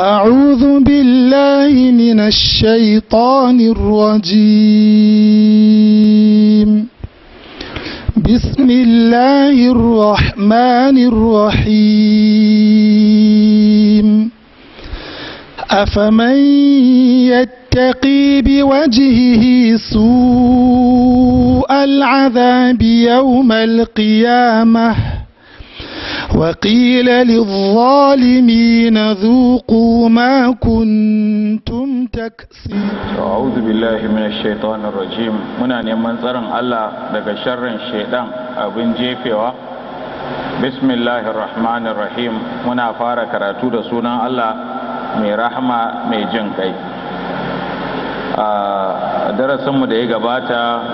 أعوذ بالله من الشيطان الرجيم بسم الله الرحمن الرحيم أفمن يتقي بوجهه سوء العذاب يوم القيامه وقيل للظالمين ذوقوا ما كنتم تكسبون أعوذ بالله من الشيطان الرجيم منا neman tsarin Allah daga sharrin shaidan abin jefewa bismillahir rahmanir rahim muna fara karatu da sunan Allah mai rahama mai jin kai Darasin mu da ya gabata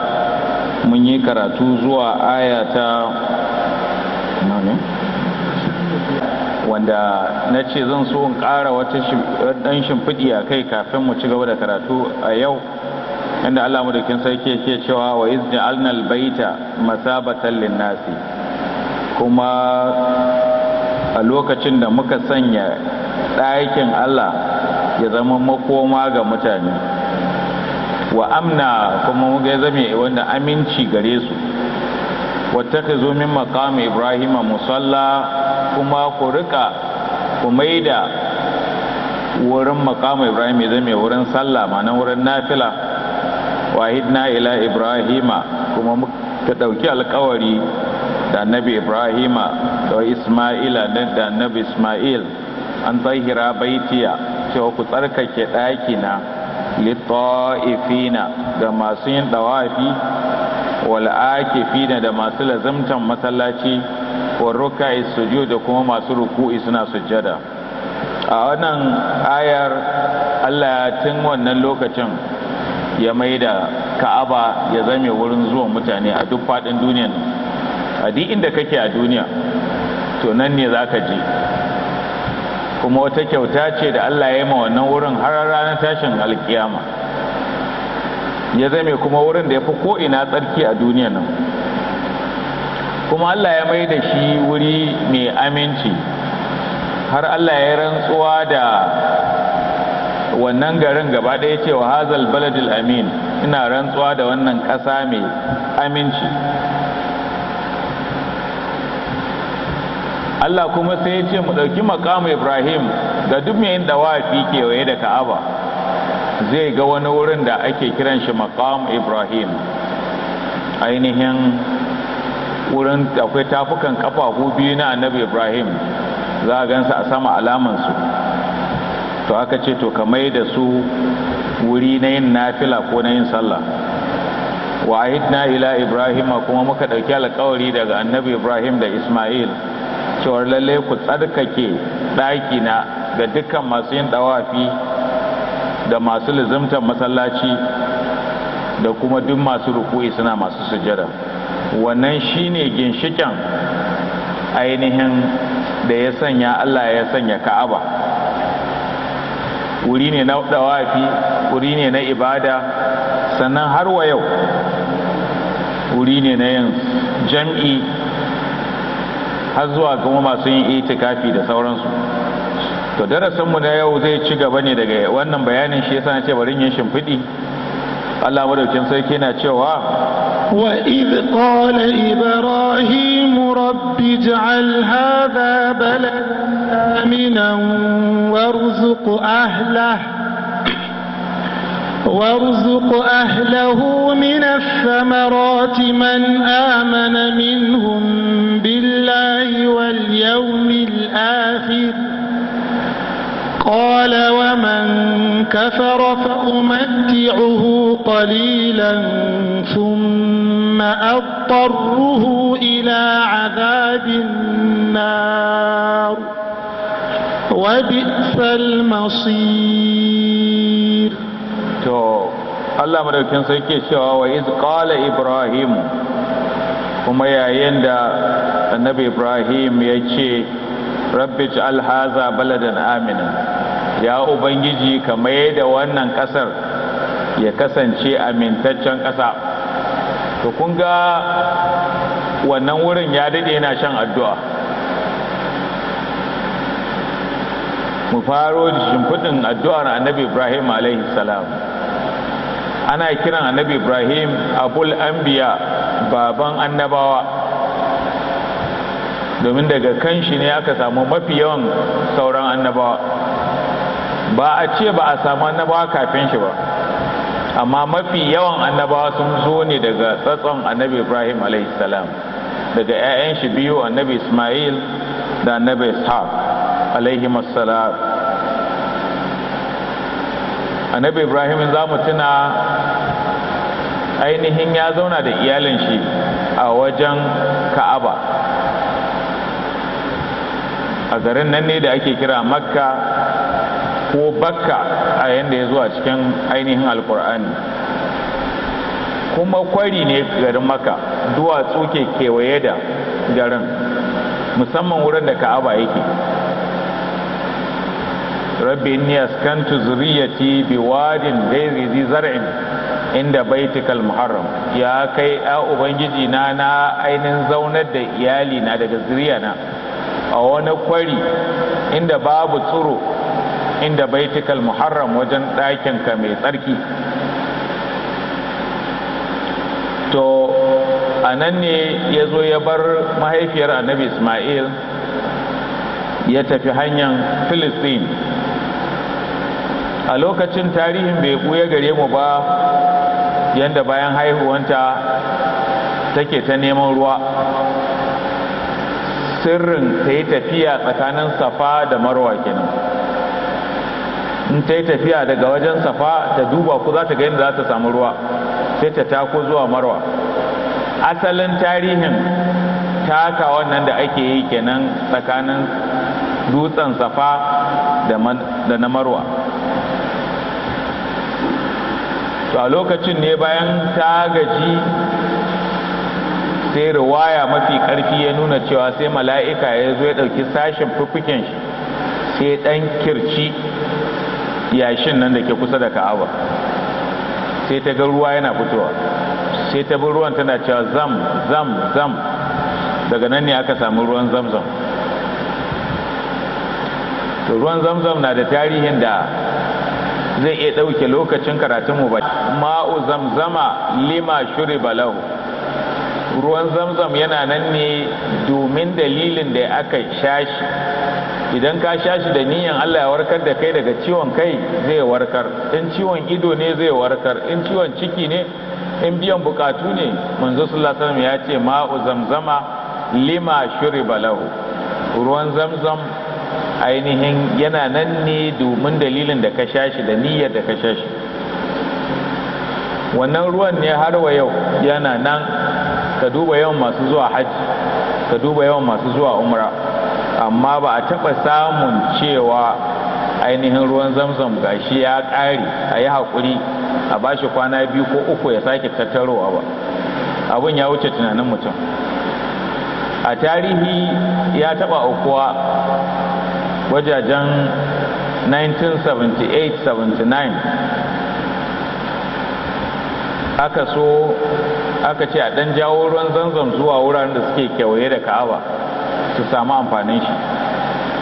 mun yi karatu zuwa aya wanda na ce zan so in ƙara wata ɗan shimfiɗi a kai kafin mu ci gaba da karatu a yau inda Allah madaukin sarki ke cewa wa izni alnal baita masabatan linnasi kuma a lokacin da muka sanya ɗakin Allah ya zama makoma ga mutane wa amna kuma muga ya zame wanda aminci gare su wattakhizu min maqami ibrahima musalla kuma ku rika ku maida wurin maqami ibrahim ya zame wurin sallah ma'ana wurin nafila wahidna ila ibrahima kuma ka ɗauki alkawari da annabi ibrahima da isma'ila da annabi isma'il an tsahira baitiya cewa ku tsarkake ɗakina littafina da masu yin ɗawafi wal da masu lazimtan masallaci wa rukai sujud da kuma masu ruku'i suna sujjada a wannan ayar Allah tun wannan lokacin ya maida Ka'aba ya zame wurin zuwan mutane a duk faɗin duniya a duk inda kake a duniya to nan ne zaka je kuma wata kyauta ce da Allah ya yi ma wannan wurin har ranar tashin alkiyama ya zame kuma wurin da ya fi ko'ina tsarki a duniya nan kuma allah ya mai da shi wuri mai aminci har allah ya rantsuwa da wannan garin gaba ɗaya cewa hazal baladil amin ina rantsuwa da wannan ƙasa mai aminci Allah kuma sai ya ce mu ɗauki makamu Ibrahim ga duk mai yin fi kewaye da Ka'aba zai ga wani wurin da ake kiran shi maqam ibrahim ainihin wurin akwai tafukan kafafu biyu na annabi ibrahim za a gansa a sama alamansu to aka ce to ka mai da su wuri na yin nafila ko na yin sallah wa ahidna ila ibrahim kuma muka ɗauki alkawari daga annabi ibrahim da ismail cewar lallai ku tsarkake ɗaki na ga dukkan masu yin ɗawafi da masu lizimtar masallaci da kuma duk masu ruku'i suna masu sujada wannan shine ginshikin ainihin da ya sanya Allah ya sanya ka'aba wuri ne na dawafi wuri ne na ibada sannan har wa yau wuri ne na yin jam'i har zuwa kuma masu yin itikafi da sauransu to darasin mu na yau zai ci gaba ne daga wannan bayanin shi yasa ce bari yin shimfidi Allah madaukin sarki yana cewa wa idh qala ibrahim rabbi ij'al hadha baladan aminan warzuq ahlahu وارزق أهله من الثمرات من آمن منهم بالله واليوم الآخر قال ومن كفر فأمتعه قليلا ثم أضطره إلى عذاب النار وبئس المصير الله مدركين سيكي شوا وإذ قال إبراهيم وما يعيند النبي إبراهيم يجي rabbi ja'al haza baladan amina ya ubangiji ka mai da wannan kasar ya kasance amintaccen kasa to kun ga wannan wurin ya dade yana shan addu'a mu faro shimfiɗin addu'ar annabi ibrahim alaihi salam ana kiran annabi ibrahim abul anbiya baban annabawa domin daga kan shi ne aka samu mafi yawan sauran annabawa ba a ce ba a samu annabawa kafin shi ba amma mafi yawan annabawa sun zo ne daga tsatson annabi ibrahim salam daga 'ya'yan shi biyu annabi ismail da annabi ishaq salam annabi ibrahim za mu tuna ainihin ya zauna da iyalin shi a wajen ka'aba a garin nan ne da ake kira makka ko bakka a yadda ya zuwa cikin ainihin alkur'ani kuma kwari ne garin makka duwatsu ke kewaye da garin musamman wurin da ka'aba yake rabbi inni askantu zuriyati bi wadin ghairi zi zar'in inda baitikal muharram ya kai a ubangiji na na ainin zaunar da iyali na daga zuriya a wani kwari inda babu tsiro inda baitikal muharram wajen ka mai tsarki to a nan ne ya zo ya bar mahaifiyar annabi ismail ya tafi hanyar filistin a lokacin tarihin bai ɓuya gare mu ba yadda bayan haihuwanta take ta neman ruwa sirrin ta yi tafiya tsakanin safa da marwa kenan in ta yi tafiya daga wajen safa ta duba ko za ta ga yadda za ta samu ruwa sai ta tako zuwa marwa asalin tarihin taka wannan da ake yi kenan tsakanin dutsen safa da na marwa to a lokacin ne bayan ta gaji sai ruwaya mafi karfi ya nuna cewa sai mala'ika ya zo ya ɗauki sashen fufuken shi sai ɗan kirci yashin nan da ke kusa da ka'aba sai ta ga ruwa yana fitowa sai ta bi ruwan tana cewa zam zam zam daga nan ne aka samu ruwan zamzam to ruwan zamzam na da tarihin da zai iya ɗauke lokacin karatunmu ba ma'u zamzama lima shuri balahu ruwan zamzam yana nan ne domin dalilin da aka sha idan ka shashi da niyan Allah ya warkar da kai daga ciwon kai zai warkar in ciwon ido ne zai warkar in ciwon ciki ne in biyan bukatu ne manzo sallallahu alaihi wasallam ya ce ma'u zamzama lima shuriba lahu ruwan zamzam ainihin yana nan ne domin dalilin da ka shashi da niyyar da ka sha wannan ruwan ne har wa yau yana nan ka duba yawan masu zuwa hajji ka duba yawan masu zuwa umra amma ba a taɓa samun cewa ainihin ruwan zamzam gashi ya ƙare a yi haƙuri a ba shi kwana biyu ko uku ya sake tattarowa ba abin ya wuce tunanin mutum a tarihi ya taɓa aukuwa wajajen 1978-79 aka so aka ce a dan jawo ruwan zanzam zuwa wuraren da suke kewaye da ka'aba su samu amfanin shi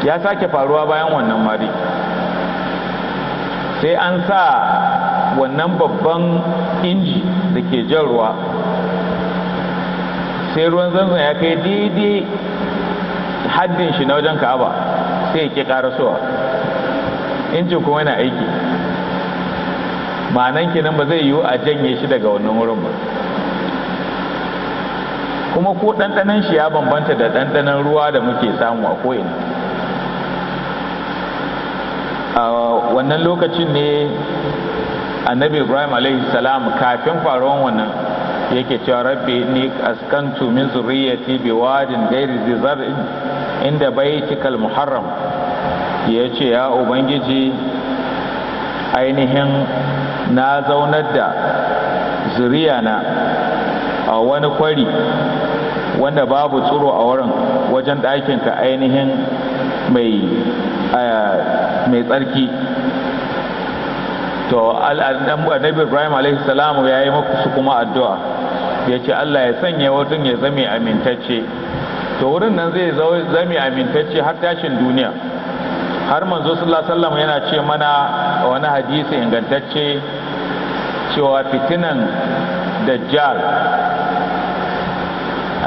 ya sake faruwa bayan wannan mari sai an sa wannan babban inji da ke jan ruwa sai ruwan zanzan ya kai daidai haddin shi na wajen ka'aba sai ya ƙi injin kuma yana aiki ma'anan kenan ba zai yiwu a janye shi daga wannan wurin ba kuma ko ɗanɗanan shi ya bambanta da ɗanɗanan ruwa da muke samu a ko'ina a wannan lokacin ne annabi ibrahim alaihi salam kafin faruwan wannan yake cewa rabbi ni askantu min zurriyyati bi wadin ghairi inda baitikal muharram ya ce ya ubangiji ainihin na zaunar da zuriya na. a wani kwari wanda babu tsoro a wurin wajen ɗakinka ainihin mai eh, tsarki to annabi ibrahim alaihi salamu ya yi muku kuma addu'a ya ce allah ya sanya wajen ya zame amintacce to wurin nan zai zame amintacce har tashin duniya har manzo sallallahu alaihi yana ce mana wani hadisi ingantacce cewa fitinan dajjal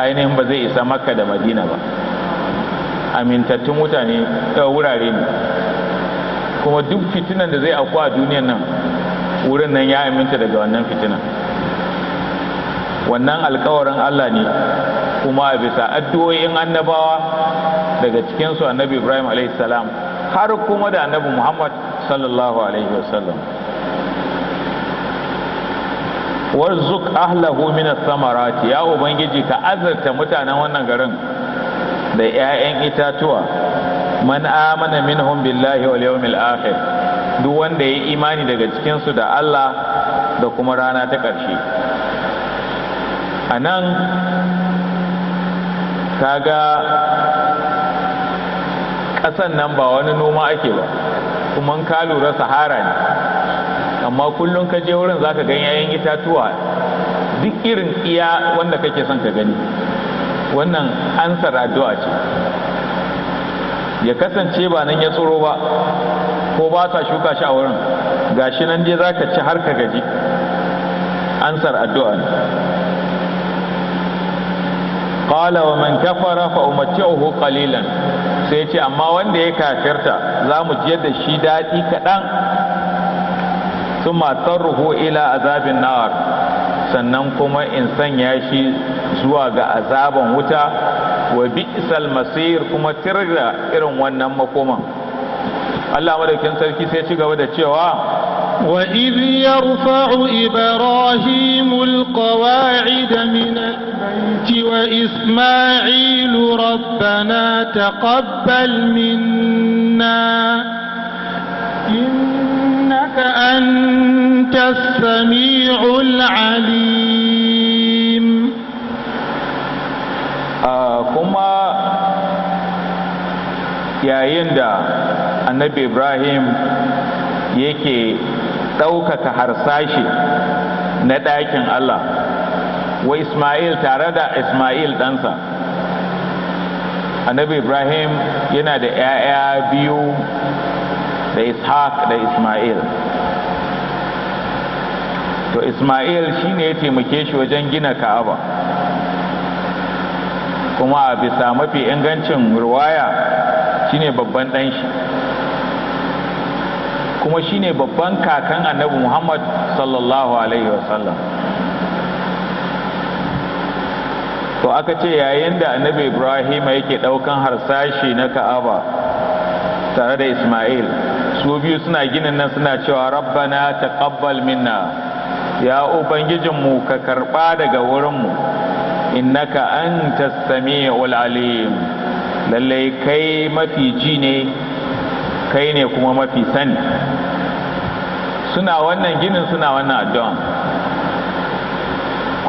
ainihin ba zai isa makka da madina ba amintattun mutane ta eh, wurare ne kuma duk fitinan da zai auku a duniyan nan wurin nan ya aminta daga wannan fitinan wannan alkawarin allah ne kuma a bisa addu'o'in annabawa daga cikinsu annabi ibrahim salam har kuma da annabi muhammad sallallahu alaihi wasallam warzuk ahlahu min samarati ya ubangiji ka azarta mutanen wannan garin da 'ya'yan itatuwa man amana minhum billahi wal yawmil akhir duk wanda ya imani daga cikin su da Allah da kuma rana ta ƙarshe anan kaga ƙasan nan ba wani noma ake ba kuma ka lura sahara ne amma kullum ka je wurin zaka ga yayin itatuwa duk irin iya wanda kake son ka gani wannan ansar addu'a ce ya kasance ba nan ya tsoro ba ko ba ta shuka shi a wurin gashi nan dai zaka ci har ka gaji ansar addu'a ne qala wa man kafara fa umatti'uhu qalilan sai ya ce amma wanda ya kafirta za mu ji da shi daɗi kaɗan ثم أضطره إلى عذاب النار sannan kuma in sanya shi zuwa ga azaban wuta wa bi'sal masir kuma tirga irin wannan makoman Allah madaukin sarki sai ci gaba da cewa wa id yarfa'u ibrahimul qawa'id min al-bayti wa isma'il rabbana taqabbal minna إنك أنت السميع العليم كما يا يندا النبي إبراهيم yake ɗaukaka harsashi na ɗakin Allah wa Ismail tare da Ismail ɗansa annabi Ibrahim yana da ‘ya'ya biyu da ishaq da ismail to isma'il shine ya taimake shi wajen gina ka'aba kuma a bisa mafi ingancin ruwaya shine babban ɗan shi kuma shine babban kakan annabi muhammad sallallahu alaihi wasallam to aka ce yayin da annabi ibrahim yake ɗaukan harsashi na ka'aba tare da isma'il su biyu suna ginin nan suna cewa rabbana taqabbal minna ya ubangijinmu ka karɓa daga wurinmu innaka anta sami'ul alim lallai kai mafi ji ne kai ne kuma mafi sani suna wannan ginin suna wannan addu'an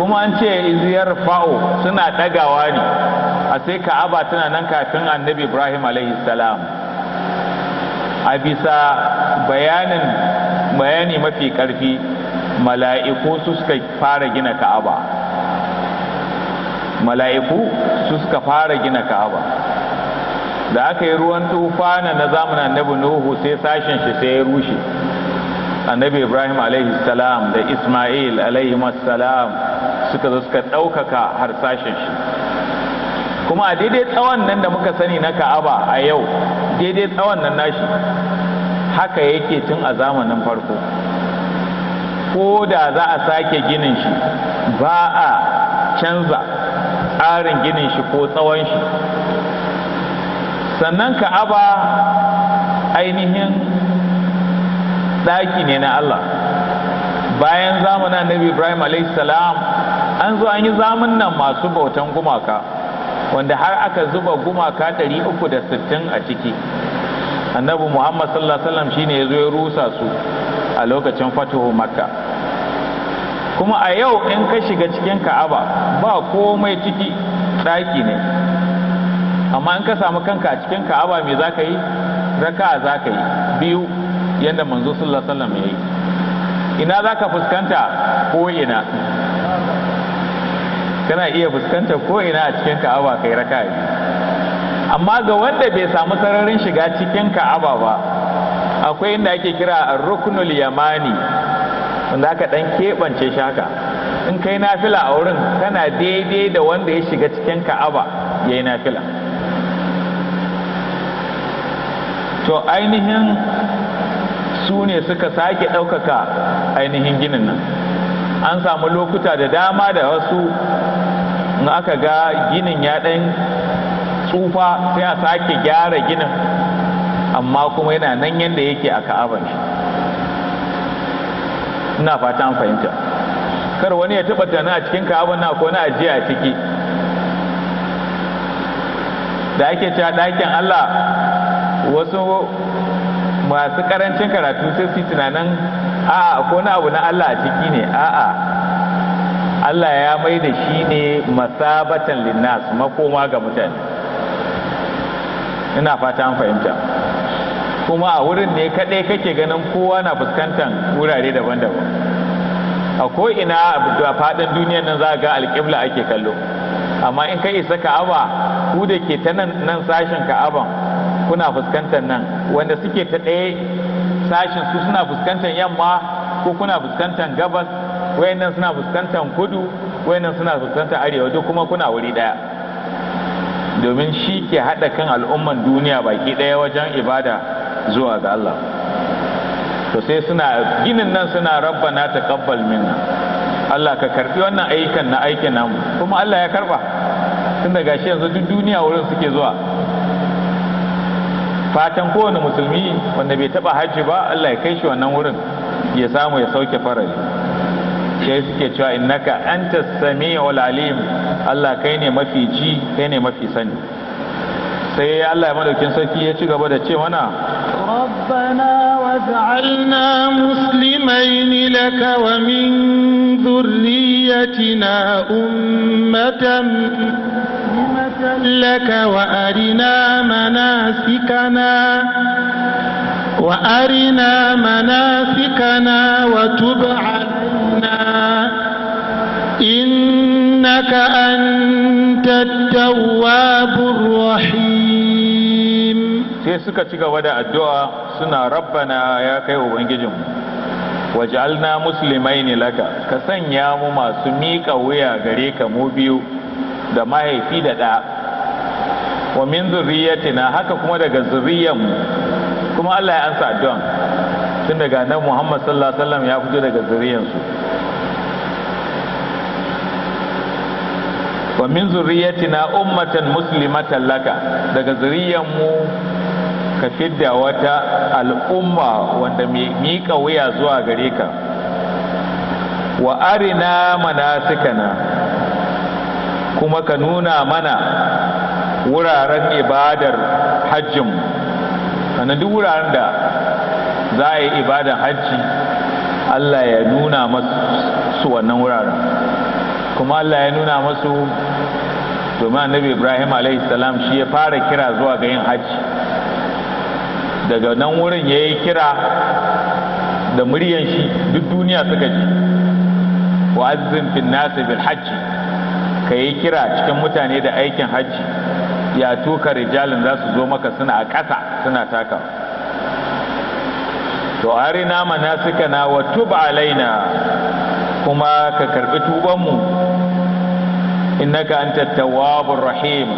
kuma an ce iziyar fa'o suna ɗagawa ne a sai ka'aba tana nan kafin annabi ibrahim salam a bisa bayanin bayani mafi ƙarfi mala'iku su suka fara gina ka'aba mala'iku su suka fara gina ka'aba da aka yi ruwan tufana na zamanin annabi nuhu sai sashen shi sai ya rushe annabi ibrahim salam da ismail alaihi salam suka zo suka ɗaukaka har sashen shi kuma a daidai tsawon nan da muka sani na ka'aba a yau daidai tsawon nan nashi haka yake tun a zamanin farko Koda za a sake ginin shi ba a canza tsarin ginin shi ko tsawon shi sannan ka'aba ainihin ɗaki ne na Allah bayan zamanin annabi ibrahim salam an zo an yi zamun nan masu bautan gumaka wanda har aka zuba gumaka 360 a ciki annabi muhammad sallallahu alaihi wasallam shine ya zo ya rusa su a lokacin fatuhu makka kuma a yau in ka shiga cikin ka'aba ba komai ciki ɗaki ne amma in ka samu kanka a cikin ka'aba me za ka yi raka za ka yi biyu yadda manzo sallallahu alaihi ya yi ina za ka fuskanta ko ina kana iya fuskanta ko ina a cikin ka'aba kai raka amma ga wanda bai samu sararin shiga cikin ka'aba ba akwai inda ake kira rukunul yamani wanda aka ɗan keɓance shaka. in kai nafila a wurin kana daidai da wanda ya shiga cikin ka'aba ya yi nafila to ainihin su ne suka sake ɗaukaka ainihin ginin nan an samu lokuta da dama da wasu in aka ga ginin ya ɗan tsufa sai a sake gyara ginin amma kuma yana nan yadda yake a ka'aban shi ina fata an fahimta kar wani ya taba tana a cikin ka'aba na ko na ajiya a ciki da ake cewa ɗakin Allah wasu masu karancin karatu sai su tunanin a ko na abu na Allah a ciki ne a Allah ya mai da shi ne masabatan linnas makoma ga mutane ina fata an fahimta kuma a wurin ne kaɗai kake ganin kowa na fuskantar wurare daban-daban a ko'ina a faɗin duniya nan za ga alƙibla ake kallo amma in ka isa ka'aba ku da ke ta nan sashen ka'aban kuna fuskantar nan wanda suke ta ɗaya sashen su suna fuskantar yamma ko kuna fuskantar gabas wayannan suna fuskantar kudu wayannan suna fuskantar arewa duk kuma kuna wuri ɗaya. domin shi ke haɗa kan al'umman duniya baki ɗaya wajen ibada zuwa ga Allah to sai suna ginin nan suna rabbana taqabbal minna Allah ka karbi wannan ayyukan na aikin namu kuma Allah ya karba tunda gashi yanzu duk duniya wurin suke zuwa fatan kowane musulmi wanda bai taba hajji ba Allah ya kai shi wannan wurin ya samu ya sauke farari sai suke cewa innaka anta sami'ul alim Allah kai ne mafi ji kai ne mafi sani sai Allah ya madaukin sarki ya ci gaba da ce mana ربنا واجعلنا مسلمين لك ومن ذريتنا أمة لك وأرنا مناسكنا وأرنا مناسكنا وتب علينا إنك أنت التواب الرحيم sai suka ci gaba da addu'a suna rabbana ya kai ubangijinmu waj'alna muslimaini laka ka sanya mu masu miƙa wuya gare ka mu biyu da mahaifi da ɗa wa min zurriyatina haka kuma daga zuriyanmu kuma Allah ya ansa addu'an tun daga nan Muhammad sallallahu alaihi wasallam ya fito daga zurriyansu wa min zurriyatina ummatan muslimatan laka daga zurriyanmu ka fidda wata al'umma wanda mai miƙa wuya zuwa gare ka wa arina manasikana kuma ka nuna mana wuraren ibadar hajjin sannan duk wuraren da za a yi ibadar hajji Allah ya nuna masu wannan wuraren kuma Allah ya nuna masu domin annabi Ibrahim a.s. shi ya fara kira zuwa ga yin hajji daga nan wurin ya yi kira da muryan shi duk duniya suka ji wa'azzin fin nasi bil hajji ka yi kira cikin mutane da aikin hajji ya tuka rijalin za su zo maka suna a ƙasa suna taka to arina na wa tub alaina kuma ka karbi tubanmu innaka anta tawwabur rahim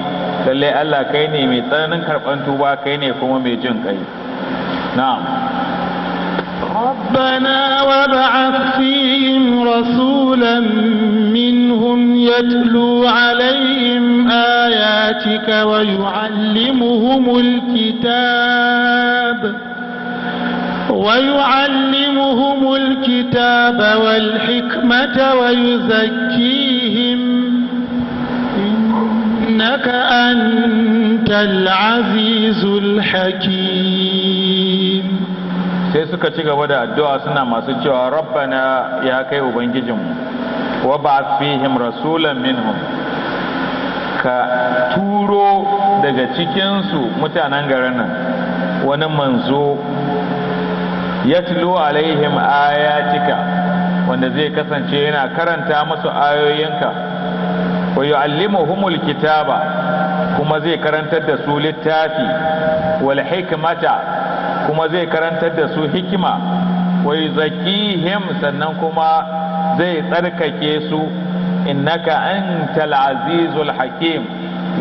lalle Allah kai ne mai tsananin karban tuba kai ne kuma mai jin kai نعم ربنا وابعث فيهم رسولا منهم يتلو عليهم آياتك ويعلمهم الكتاب ويعلمهم الكتاب والحكمة ويزكيهم إنك أنت العزيز الحكيم sai suka ci gaba da addu'a suna masu cewa rabbana ya kai ubangijinmu wa ba fihim rasulan minhum ka turo daga cikinsu mutanen garin nan wani manzo ya tilo alaihim ayatika wanda zai kasance yana karanta musu ayoyinka wa yu'allimuhumul kitaba kuma zai karantar da su littafi wal hikmata kuma zai karantar da su hikima wai zakihim sannan kuma zai tsarkake su innaka antal azizul hakim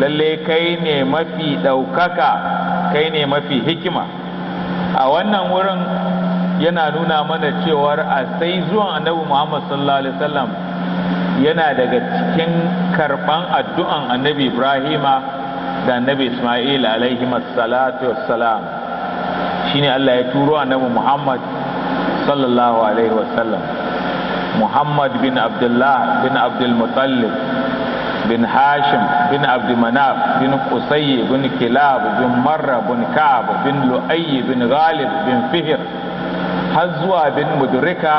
lalle kai ne mafi ɗaukaka kai ne mafi hikima a wannan wurin yana nuna mana cewar a sai zuwan annabi muhammad sallallahu alaihi wasallam yana daga cikin karɓan addu'an annabi ibrahima da annabi ismail alaihi salatu wassalam shine Allah ya turo annabi Muhammad sallallahu alaihi wasallam Muhammad bin Abdullah bin Abdul Muttalib bin Hashim bin Abd Manaf bin Qusay bin Kilab bin Marra bin Ka'b bin Lu'ay bin Ghalib bin Fihr Hazwa zuwa bin Mudrika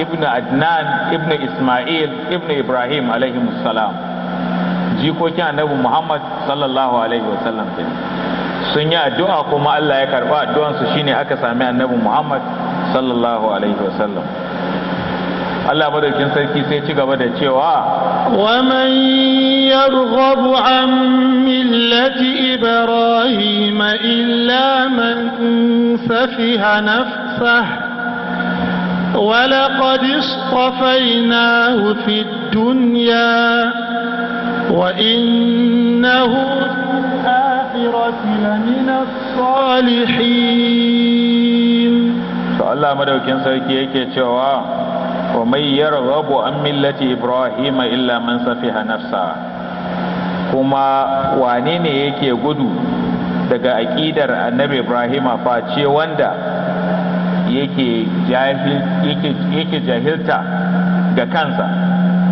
ibn Adnan ibn Ismail ibn Ibrahim alaihi salam jikokin annabi Muhammad sallallahu alaihi wasallam sallam. sun yi addu'a kuma Allah ya karba addu'an su shine aka sami annabi Muhammad sallallahu alaihi wasallam Allah madaukin sarki sai ci gaba da cewa wa man yarghabu an millati إبراهيم illa man safiha نفسه ولقد اصطفيناه في الدنيا وإنه في الآخرة لمن الصالحين فالله مدوكين سيكي يكي تشوا ومن يرغب عن ملة إبراهيم إلا من سفيها نفسه kuma wane ne yake gudu daga aƙidar annabi yake face wanda yake jahilta ga kansa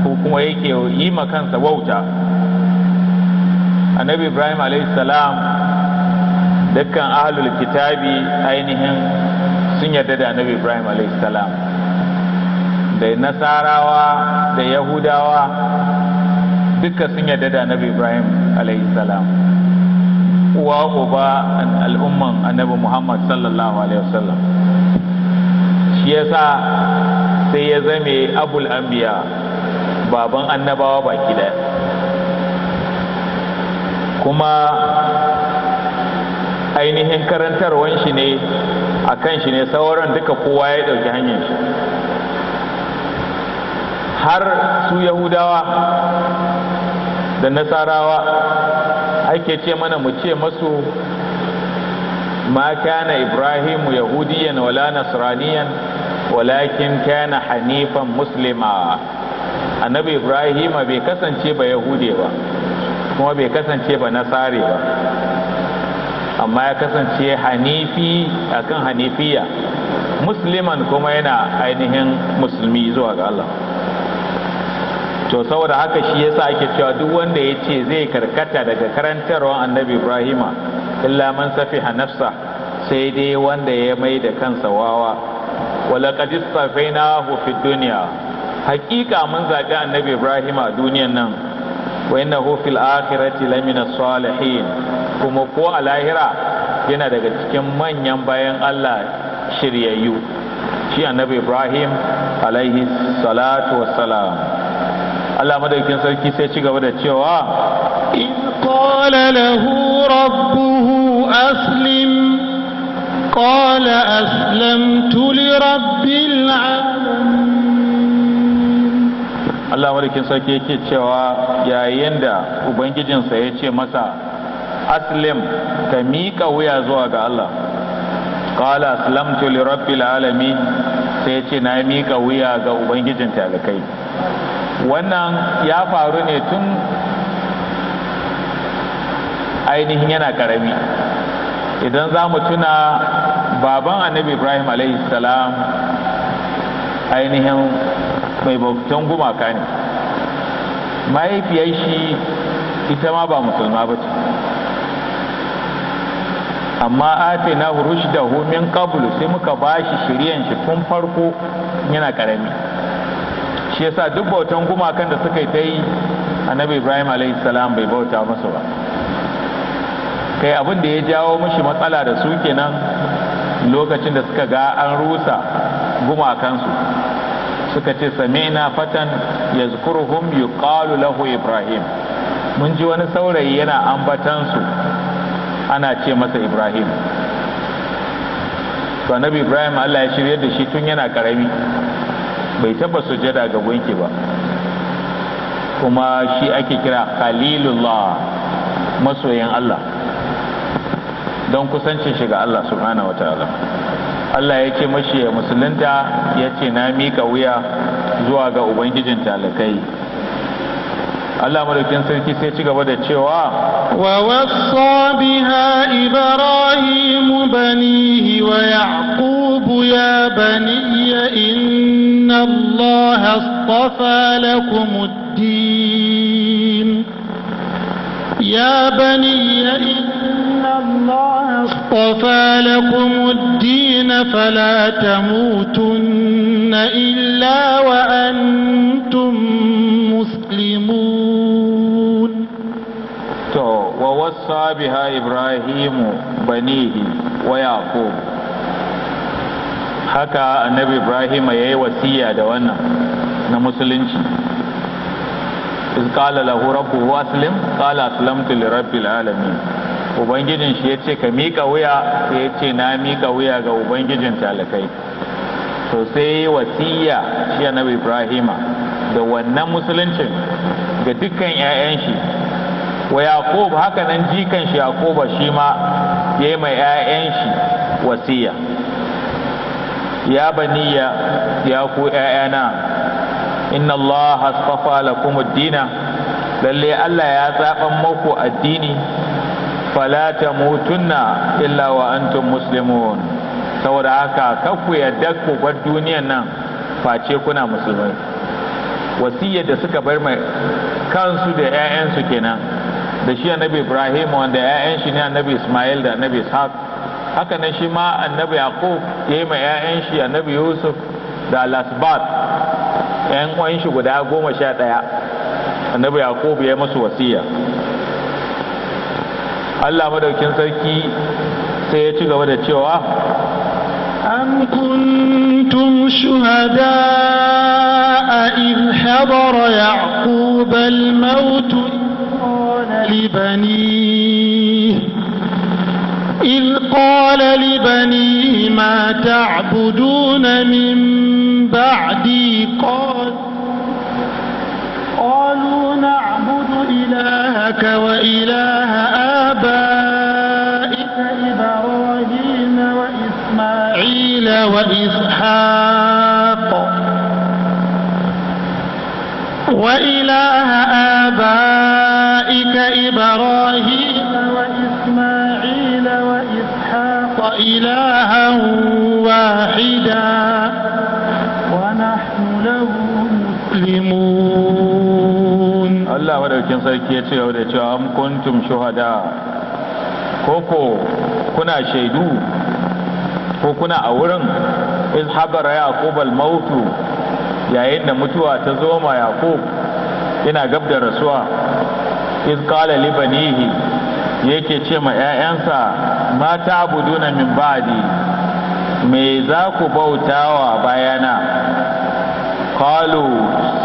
ko kuma yake yi ma kansa wauta annabi ibrahim salam dukkan ahlul kitabi ainihin sun yarda da annabi ibrahim salam da nasarawa da yahudawa duka sun yarda da annabi ibrahim salam uwa uba al'umman annabi muhammad sallallahu alaihi wasallam shi yasa sai ya zame abul anbiya baban annabawa baki daya kuma ainihin karantarwan shi ne a kan shi ne sauran duka kowa ya ɗauki hanyar shi har su yahudawa da nasarawa ake ce mana mu ce masu ma kana ibrahimu yahudiyan wala nasraniyan walakin kana hanifan muslima annabi ibrahima bai kasance ba Yahudi ba kuma bai kasance ba na tsari ba amma ya kasance hanifi akan hanifiya musliman kuma yana ainihin musulmi zuwa ga Allah to saboda haka shi yasa ake cewa duk wanda ya ce zai karkata daga karantarwa annabi ibrahima illa man safiha nafsa sai dai wanda ya mai da kansa wawa walaƙad istafainahu fid duniya haƙiƙa mun zaɓi annabi ibrahima a duniyan nan وإنه في الآخرة لمن الصالحين كما هو الآخرة هنا دقت كم من ينبعي الله شريعي في النبي إبراهيم عليه الصلاة والسلام الله مدى كن سوى كي سيشي قبل تشيوا قال له ربه أسلم قال أسلمت لرب العالمين Allah malikin sarki yake cewa yayin da ubangijinsa ya ce masa aslim ka miƙa wuya zuwa ga Allah qala aslamtu li rabbil alamin sai ce na miƙa wuya ga ubangijin talakai wannan ya faru ne tun ainihin yana karami idan za mu tuna baban annabi ibrahim alayhi salam ainihin mai bautan gumaka ne mahaifiyar shi ita ma ba musulma ba ce amma ate na da homin ƙablu sai muka ba shi shiryan shi tun farko yana karami shi yasa duk bautan gumakan da suka yi ta yi annabi ibrahim alayhi salam bai bauta musu ba kai abin da ya jawo mashi matsala da su kenan lokacin da suka ga an rusa gumakansu suka ce sami'na fatan yazkuruhum yuqalu lahu ibrahim mun ji wani saurayi yana su ana ce masa ibrahim to annabi ibrahim allah ya shirye da shi tun yana karami bai taba sujada ga gunki ba kuma shi ake kira khalilullah masoyin allah don kusancin shi ga allah subhanahu wa ta'ala Allah ya ce mashi musulunta ya ce na mika wuya zuwa ga ubangijin talakai Allah madaukin sarki sai ci gaba da cewa wa wasa biha ibrahim banihi wa yaqub ya bani inna Allah astafa lakum ad-din ya bani الله اصطفى لكم الدين فلا تموتن إلا وأنتم مسلمون تو ووصى بها إبراهيم بنيه ويعقوب حكى النبي إبراهيم يا وسيا دوانا نمسلمين إذ قال له ربه أسلم قال أسلمت لرب العالمين ubangijin shi ya ce ka miƙa wuya sai ya ce na miƙa wuya ga ubangijin talakai to sai wasiya shi annabi ibrahima da wannan musuluncin ga dukkan 'ya'yan shi wa yaqub haka nan jikan shi yaquba shi ma ya yi mai 'ya'yan shi wasiya ya baniya ya ku 'ya'yana inna allah astafa lakum ad-dina lalle allah ya zaɓan muku addini falata mutunna illa wa antum muslimun saboda haka kakku yadda ku bar duniyan nan face kuna musulmai wasiyar da suka bar mai kansu da 'ya'yansu kenan da shi annabi ibrahim wanda 'ya'yan shi ne annabi ismail da annabi ishaq haka nan shi ma annabi yaqub ya yi ma 'ya'yan shi annabi yusuf da lasbat 'yan uwan shi guda goma sha ɗaya annabi yaqub ya yi musu wasiya Allah madaukin sarki sai ya ci gaba da cewa am kuntum shuhada إذ حضر يعقوب الموت قال لبنيه إذ قال لبنيه ما تعبدون من بعدي قال قالوا نعبد إلهك وإله آبائك إبراهيم وإسماعيل وإسحاق وإله آبائك إبراهيم وإسماعيل وإسحاق إلها واحدا ونحن له مسلمون maɗaukakin sarki ya ce da cewa an kuntum shuhada koko kuna shaidu ko kuna a wurin iz habara yaqub al mautu yayin da mutuwa ta zo ma yaqub ina gab da rasuwa iz qala li banihi yake ce ma 'ya'yansa ma ta'buduna min ba'di me za ku bautawa bayana qalu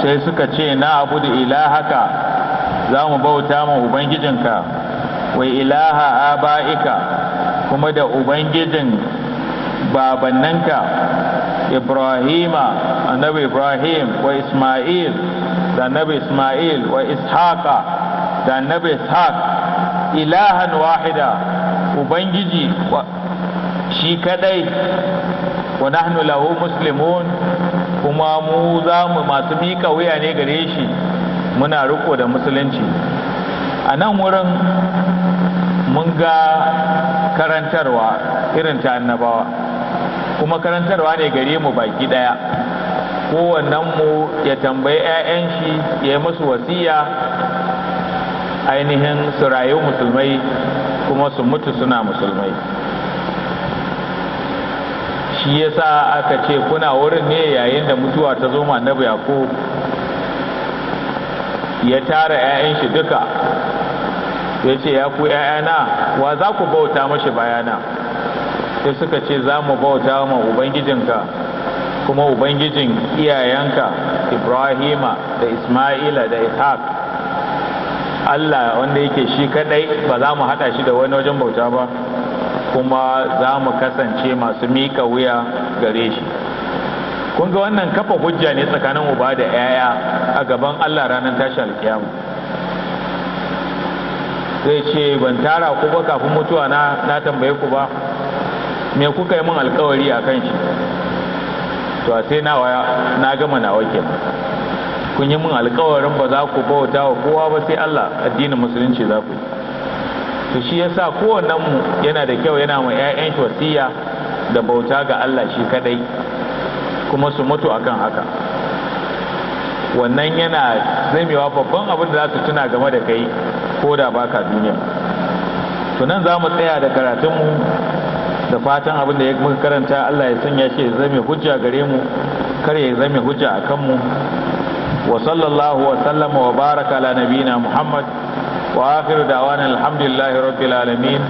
sai suka ce na abudu ilahaka za mu bauta ma ubangijinka wa ilaha aba'ika kuma da ubangijin babanninka ibrahima annabi ibrahim wa isma'il da annabi isma'il wa ishaqa da annabi ishaq ilahan wahida ubangiji shi kadai wa nahnu lahu muslimun kuma mu za mu masu mika wuya ne gare shi muna riko da musulunci a nan wurin mun ga karantarwa irin ta annabawa kuma karantarwa ne gare mu baki ɗaya mu ya tambayi 'ya'yan shi ya yi musu wasiya ainihin su rayu musulmai kuma su mutu suna musulmai shi yasa aka ce kuna wurin ne yayin da mutuwa ta zo annabi yakub ya tara 'ya'yan shi duka ya ce ya ku 'ya'yana wa za ku bauta mashi bayana sai suka ce za mu bauta ma ubangijinka kuma ubangijin iyayenka ibrahima da isma'ila da ishaq allah wanda yake shi kadai ba za mu hada shi da wani wajen bauta ba kuma za mu kasance masu mika wuya gare shi kun ga wannan kafa hujja ne tsakanin uba da 'ya'ya a gaban Allah ranar tashi alkiyama zai ce ban tara ku ba kafin mutuwa na na tambaye ku ba me kuka yi min alkawari a kan shi to sai na waya na gama nawa ke kun yi min alkawarin ba za ku bauta wa kowa ba sai Allah addinin musulunci za ku yi to shi yasa kowannen mu yana da kyau yana mai 'ya'yan shi wasiya da bauta ga Allah shi kadai kuma su mutu akan haka wannan yana zamewa babban abin da za su tuna game da kai ko da baka duniya tunan za mu tsaya da karatunmu da fatan abin da ya muka karanta Allah ya sanya shi ya zame hujja gare mu kar ya zame hujja a kanmu wa sallallahu wa sallama wa baraka ala muhammad wa akhiru da'wana alhamdulillahi rabbil alamin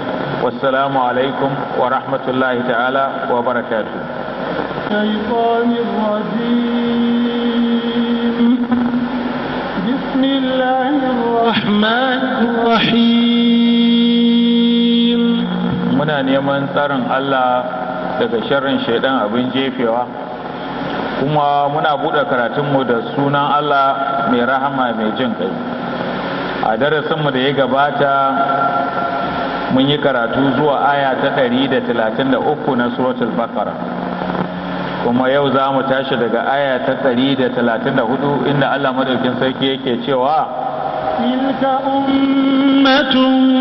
wassalamu alaikum wa rahmatullahi ta'ala wa barakatuh الشيطان الرجيم بسم الله الرحمن الرحيم muna neman tsarin Allah daga sharrin shaidan abin jefewa kuma muna buɗe karatunmu da sunan Allah mai rahama mai jin kai a darasinmu da ya gabata mun yi karatu zuwa aya ta 133 na suratul baqara kuma yau za mu tashi daga aya ta 134 inda Allah madaukin sarki yake cewa tilka ummatun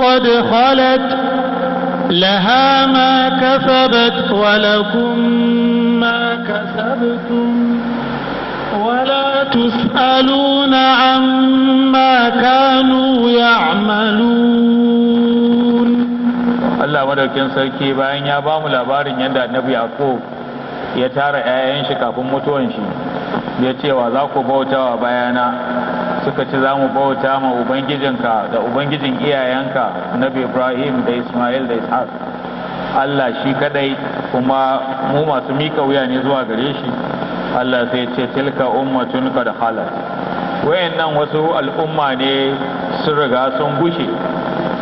qad khalat laha ma kasabat wa lakum ma kasabtum ولا تسألون عما كانوا يعملون Allah madaukin sarki bayan ya ba mu labarin yadda annabi ko. ya tara 'ya'yan shi kafin mutuwan shi ya cewa za ku bauta wa bayana suka ci za mu bauta ma ubangijinka da ubangijin iyayenka nabi ibrahim da ismail da ishaq allah shi kadai kuma mu masu mika wuya ne zuwa gare shi allah sai ce tilka ummatun kad khalat wayannan wasu al'umma ne sun riga sun bushe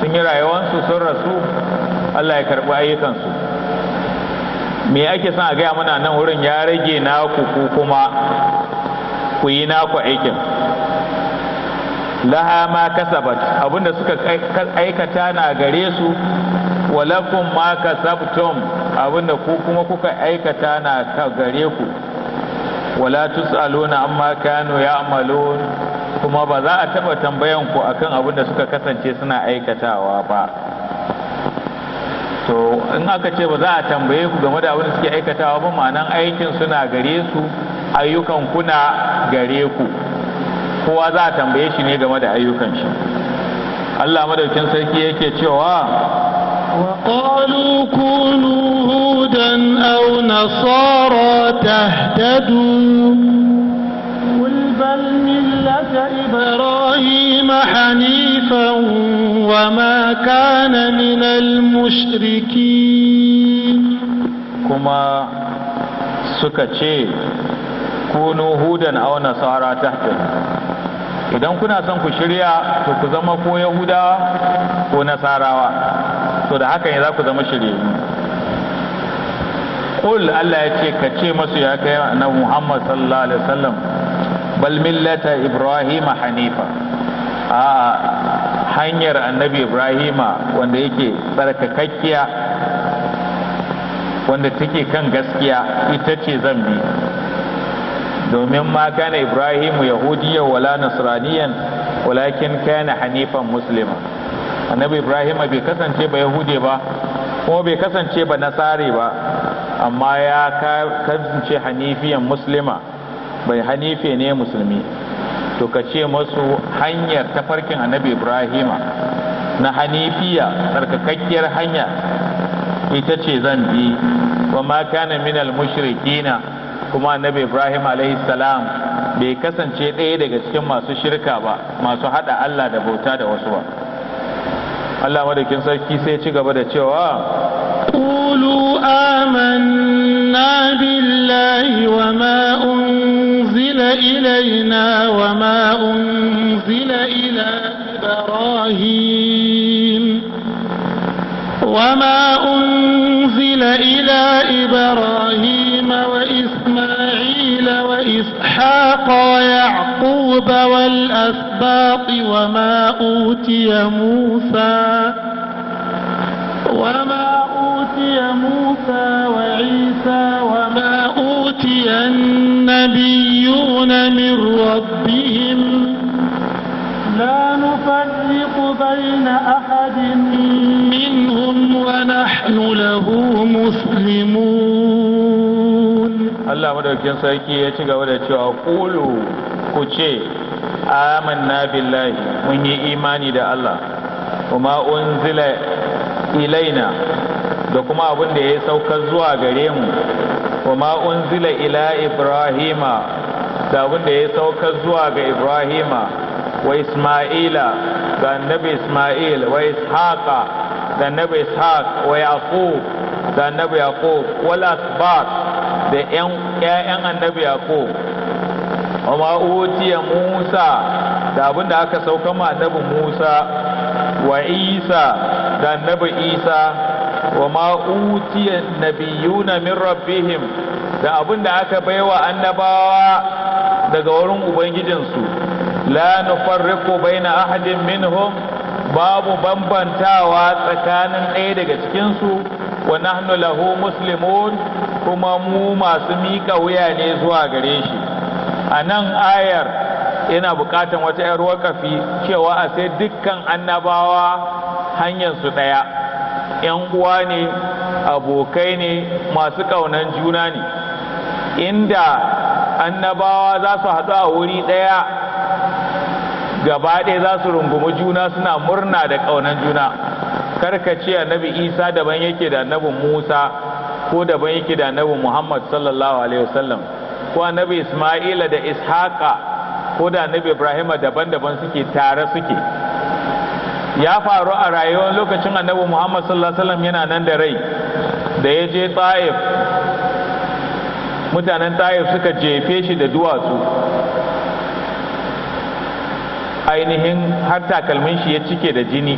sun yi rayuwarsu sun rasu allah ya karɓi ayyukansu me ake son a gaya mana nan wurin ya rage naku ku kuma ku yi naku aikin laha ma kasabat abinda suka aikata na gare su walakum ma kasabtum abinda ku kuma kuka aikata na gare ku wala tus'aluna amma kanu ya'malun kuma ba za a taba tambayan ku akan abinda suka kasance suna aikatawa ba to in aka ce ba za a tambaye ku game da abin da suke aikatawa ba ma'anan aikin suna gare su ayyukan kuna gare ku kowa za a tambaye shi ne game da ayyukan shi Allah madaukin sarki yake cewa وقالوا كونوا هودا أو نصارى تهتدوا اتبع ملة إبراهيم حنيفا وما كان من المشركين كما سكتشي كونوا هودا أو نصارى تحته idan kuna son ku shirya to ku zama ko yahuda ko nasarawa to da haka ne za ku zama shirye kul Allah ya ce ka ce masu ya kai annabi Muhammad sallallahu alaihi wasallam bal millata ibrahima hanifa a hanyar annabi ibrahima wanda yake tsarkakakkiya wanda take kan gaskiya ita ce zan bi domin ma kana ibrahimu yahudiya wala nasraniyan walakin kana hanifan muslima annabi ibrahim bai kasance ba yahude ba kuma bai kasance ba nasari ba amma ya kasance hanifiyan muslima bai hanife ne musulmi to ka ce masu hanyar tafarkin annabi ibrahim na hanifiya tsarkakakkiyar hanya ita ce zan bi wa ma kana minal mushrikina kuma annabi ibrahim alaihi salam bai kasance ɗaya daga cikin masu shirka ba masu hada allah da bauta da wasu ba allah madakin sarki sai ci gaba da cewa qulu آمنا بالله وما أنزل إلينا وما أنزل إلى إبراهيم وما أنزل إلى إبراهيم وإسماعيل وإسحاق ويعقوب والأسباط وما أوتي موسى وما أوتي موسى وعيسى وما أوتي النبيون من ربهم لا نفرق بين أحد منهم ونحن له مسلمون الله مدركين سيكي يتيغا ودى قولوا كوشي آمنا بالله من إيماني دا الله وما أنزل ilaina da kuma abin da ya saukar zuwa gare mu kuma unzila ila ibrahima da abin da ya saukar zuwa ga ibrahima wa isma'ila ga annabi isma'il wa ishaqa da annabi ishaq wa yaqub da annabi yaqub wal asbat da yan ƴaƴan annabi yaqub kuma ma utiya musa da abin da aka saukar ma annabi musa wa isa da annabi isa wa ma'utiyar nabiyuna min rabbihim da abin da aka baiwa annabawa daga wurin ubangijinsu la nufarriqu baina ahadin minhum babu bambantawa tsakanin ɗaya daga cikinsu wa nahnu lahu muslimun kuma mu masu miƙa wuya ne zuwa gare shi a nan ayar yana buƙatan wata 'yar wakafi cewa a sai dukkan annabawa hanyarsu ɗaya 'yan uwa ne abokai ne masu ƙaunan juna ne inda annabawa za su haɗu a wuri ɗaya gaba ɗaya za su rungumi juna suna murna da ƙaunan juna karkace annabi isa daban yake da annabin musa ko daban yake da annabin muhammad sallallahu alaihi wasallam ko annabi isma'ila da ishaqa ko da annabi ibrahima daban-daban suke tare suke ya faru a rayuwar lokacin annabi muhammad sallallahu alaihi wasallam yana nan da rai da ya je ta'if mutanen ta'if suka jefe shi da duwatsu ainihin har takalmin shi ya cike da jini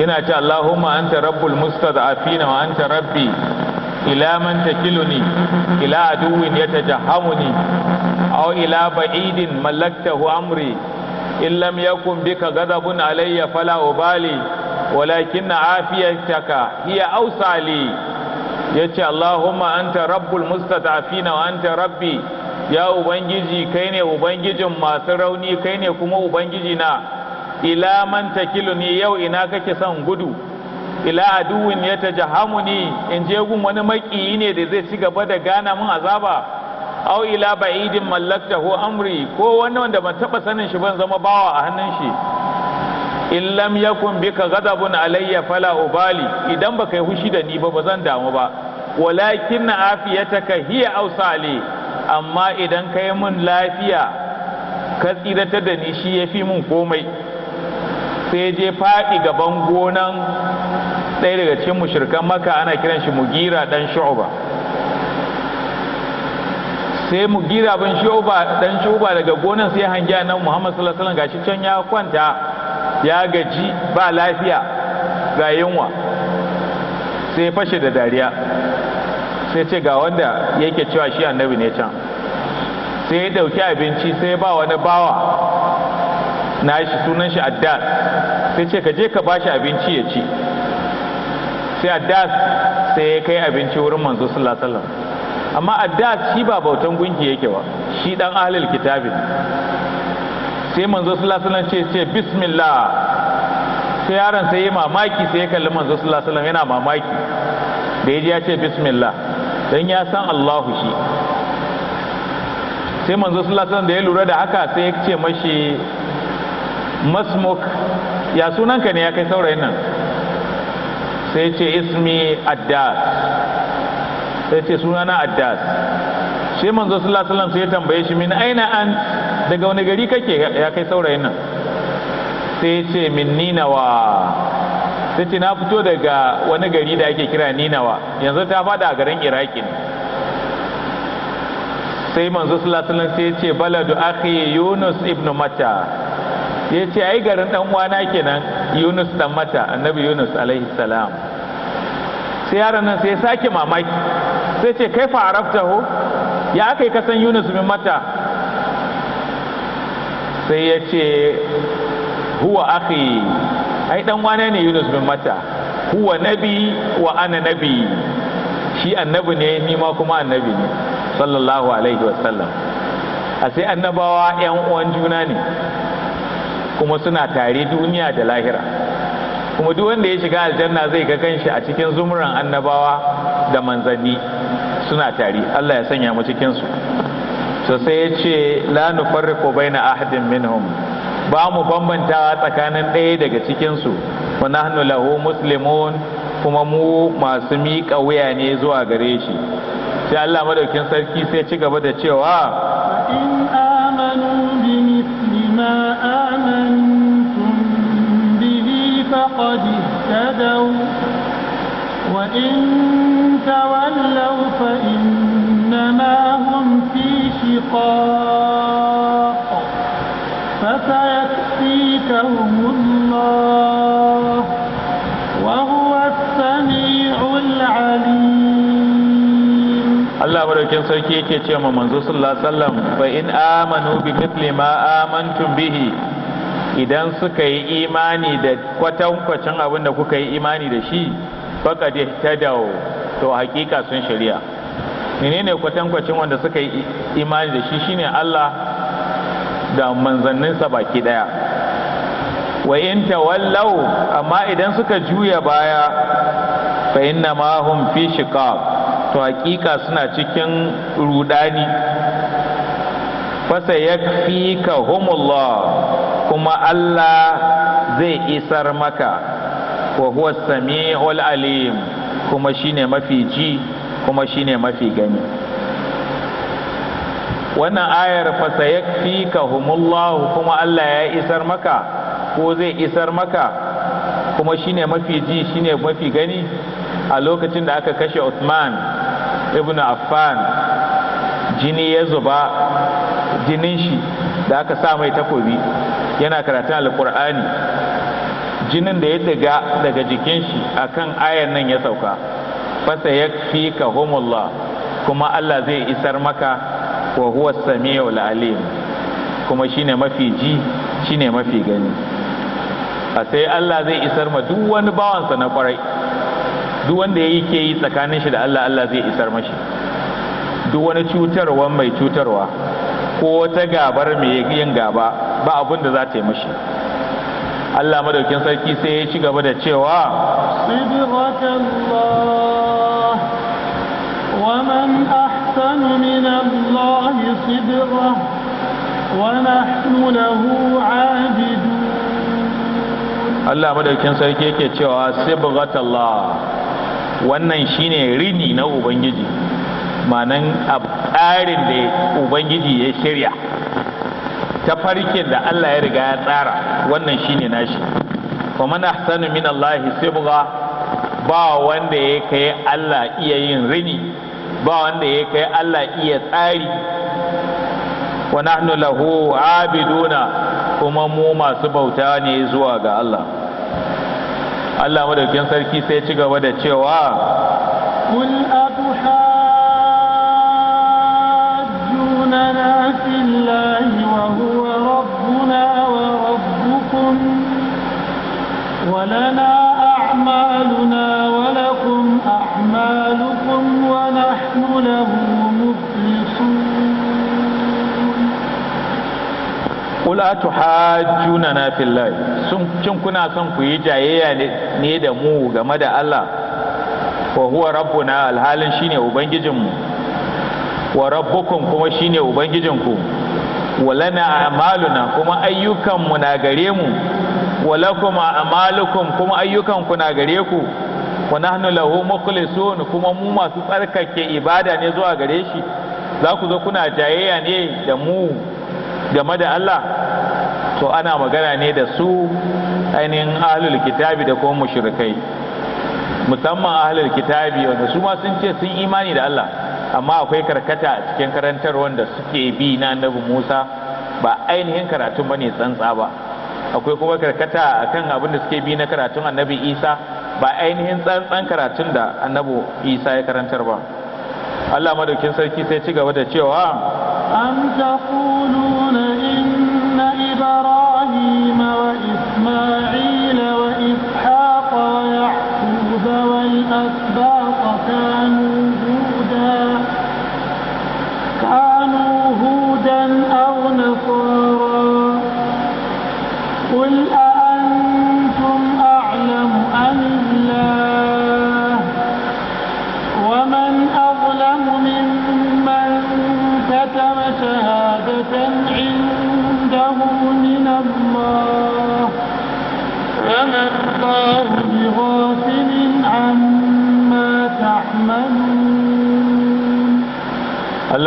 yana ce Allahumma anta rabbul mustad'afina wa anta rabbi ila man takiluni ila aduwin yatajahhamuni aw ila ba'idin mallaktahu amri in lam yakun bika gadabun alayya fala ubali walakin afiyataka hiya Ausali. yace allahumma anta rabbul mustata'fina wa anta rabbi ya ubangiji kai ne ubangijin masu rauni kai ne kuma ubangiji na ila man takiluni yau ina kake son gudu ila aduwin ya tajahamuni in je gun wani makiyi ne da zai ci gaba da gana mun azaba aw ila ba'idin mallaktahu amri ko wani wanda ban taba sanin shi ban zama bawa a hannun shi in lam yakun bika ghadabun alayya fala ubali idan baka yi hushi da ni ba bazan damu ba walakin afiyataka hiya awsali amma idan kai mun lafiya ka tsirata da ni shi yafi mun komai sai je faɗi gaban gonan ɗaya daga cikin mushirkan maka ana kiran shi mugira dan shu'ba sai mu gira abin shuba dan shuba daga gonan sai hangi nan Muhammad sallallahu alaihi wasallam gashi can ya kwanta ya gaji ba lafiya ga yunwa sai fashe da dariya sai ce ga wanda yake cewa shi annabi ne can sai ya dauki abinci sai ba wani bawa na shi sunan shi addas sai ce ka je ka bashi abinci ya ci sai addas sai ya kai abinci wurin manzo sallallahu alaihi wasallam amma adda shi ba bautan gunki yake ba shi dan ahlul kitabi sai manzo sallallahu alaihi wasallam ce bismillah sai yaron sai ya mamaki sai ya kalli manzo sallallahu alaihi wasallam yana mamaki da yaji ya ce bismillah dan ya san Allahu shi sai manzo sallallahu alaihi wasallam da ya lura da haka sai ya ce mashi masmuk ya sunanka ne ya kai saurayin nan sai ce ismi addas sai ce suna na addas sai manzo sallallahu alaihi wasallam sai ya tambaye shi min aina an daga wani gari kake ya kai saurayin nan sai ce min ninawa sai ce na fito daga wani gari da ake kira ninawa yanzu ta fada a garin iraki ne sai manzo sallallahu alaihi wasallam sai ya ce baladu akhi yunus ibn mata ya ce ai garin dan uwana kenan Yunus dan mata annabi Yunus alaihi salam sai yaron nan sai ya sake mamaki sai ce kai faraftahu ya aka yi kasan yunus min mata sai ya ce huwa akhi ai dan wane ne yunus min mata huwa nabi wa ana nabi shi annabi ne ni ma kuma annabi ne sallallahu alaihi wa sallam. a sai annabawa yan uwan juna ne kuma suna tare duniya da lahira kuma duk wanda ya shiga aljanna zai ga kanshi a cikin zumuran annabawa da manzanni suna tari Allah ya sanya mu cikin su yace sai ya ce la nufarriqu baina ahadin minhum ba mu bambanta tsakanin ɗaya daga cikin su wa nahnu lahu muslimun kuma mu masu miƙa wuya ne zuwa gare shi sai Allah madaukin sarki sai ci gaba da cewa in in تولوا فإنما هم في شقاق فسيكفيكهم الله وهو السميع العليم الله ولكن سيكي يتيما منزو صلى الله عليه وسلم فإن آمنوا بمثل ما آمنتم به idan suka yi imani da kwatankwacin abin da kuka yi imani da shi baka da to hakika sun shari'a menene kwatankwacin wanda suka yi imani da shi shine Allah da manzanninsa baki daya wa in tawallau amma idan suka juya baya fa inna ma hum fi shiqaq to hakika suna cikin rudani fasa yakfika humullah kuma Allah zai isar maka wa huwa samiul alim kuma shine mafi ji kuma shine mafi gani wannan ayar fasa ya fi humullahu kuma Allah ya isar maka ko zai isar maka kuma shine mafi ji shine mafi gani a lokacin da aka kashe Usman, ibn Affan jini ya zuba jinin shi da aka sa mai takobi yana karatun alkur'ani jinin da ya diga daga jikin shi akan ayan nan ya sauka fasa ka humullah kuma Allah zai isar maka wa huwa Samiyu alim kuma shine mafi ji shine mafi gani a sai Allah zai isar ma duk wani bawansa na kwarai duk wanda yayi ke yi tsakanin shi da Allah Allah zai isar mashi duk wani cutarwa mai cutarwa ko wata gabar mai yin gaba ba abin da za ta yi mashi Allah madaukin sarki sai ya ci gaba da cewa sidrakallah wa man Allah Allah madaukin sarki yake cewa sidratallah wannan shine rini na ubangiji ma'anan abkarin da ubangiji ya shirya ta farkin da Allah ya riga ya tsara wannan shine nashi wa man ahsanu min Allah sibgha ba wanda ya kai Allah iya yin rini ba wanda ya kai Allah iya tsari wa nahnu lahu abiduna kuma mu masu bauta ne zuwa ga Allah Allah madaukin sarki sai ci gaba da cewa kul ولنا أعمالنا ولكم أعمالكم ونحن له مخلصون قل أتحاجوننا في الله shin kuna son ku yi jayayya ne da mu game da Allah wa huwa rabbuna alhalin shine ubangijinmu wa rabbukum kuma shine ubangijinku walana amaluna kuma ayyukanmu na gare mu walakum amalukum kuma ayyukanku na gare ku wa nahnu lahu mukhlisun kuma mu masu tsarkake ibada ne zuwa gare shi za ku zo kuna jayayya ne da mu game da Allah to ana magana ne da su ainihin ahlul kitabi da kuma mushrikai musamman ahlul kitabi wanda su ma sun ce sun imani da Allah amma akwai karkata a cikin karantar wanda suke bi na annabi Musa ba ainihin karatun bane tsantsa ba akwai kuma karkata akan abin da suke bi na karatun annabi Isa ba ainihin tsantsan karatun da annabi Isa ya karantar ba Allah madaukin sarki sai ci gaba da cewa am taquluna inna ibrahima wa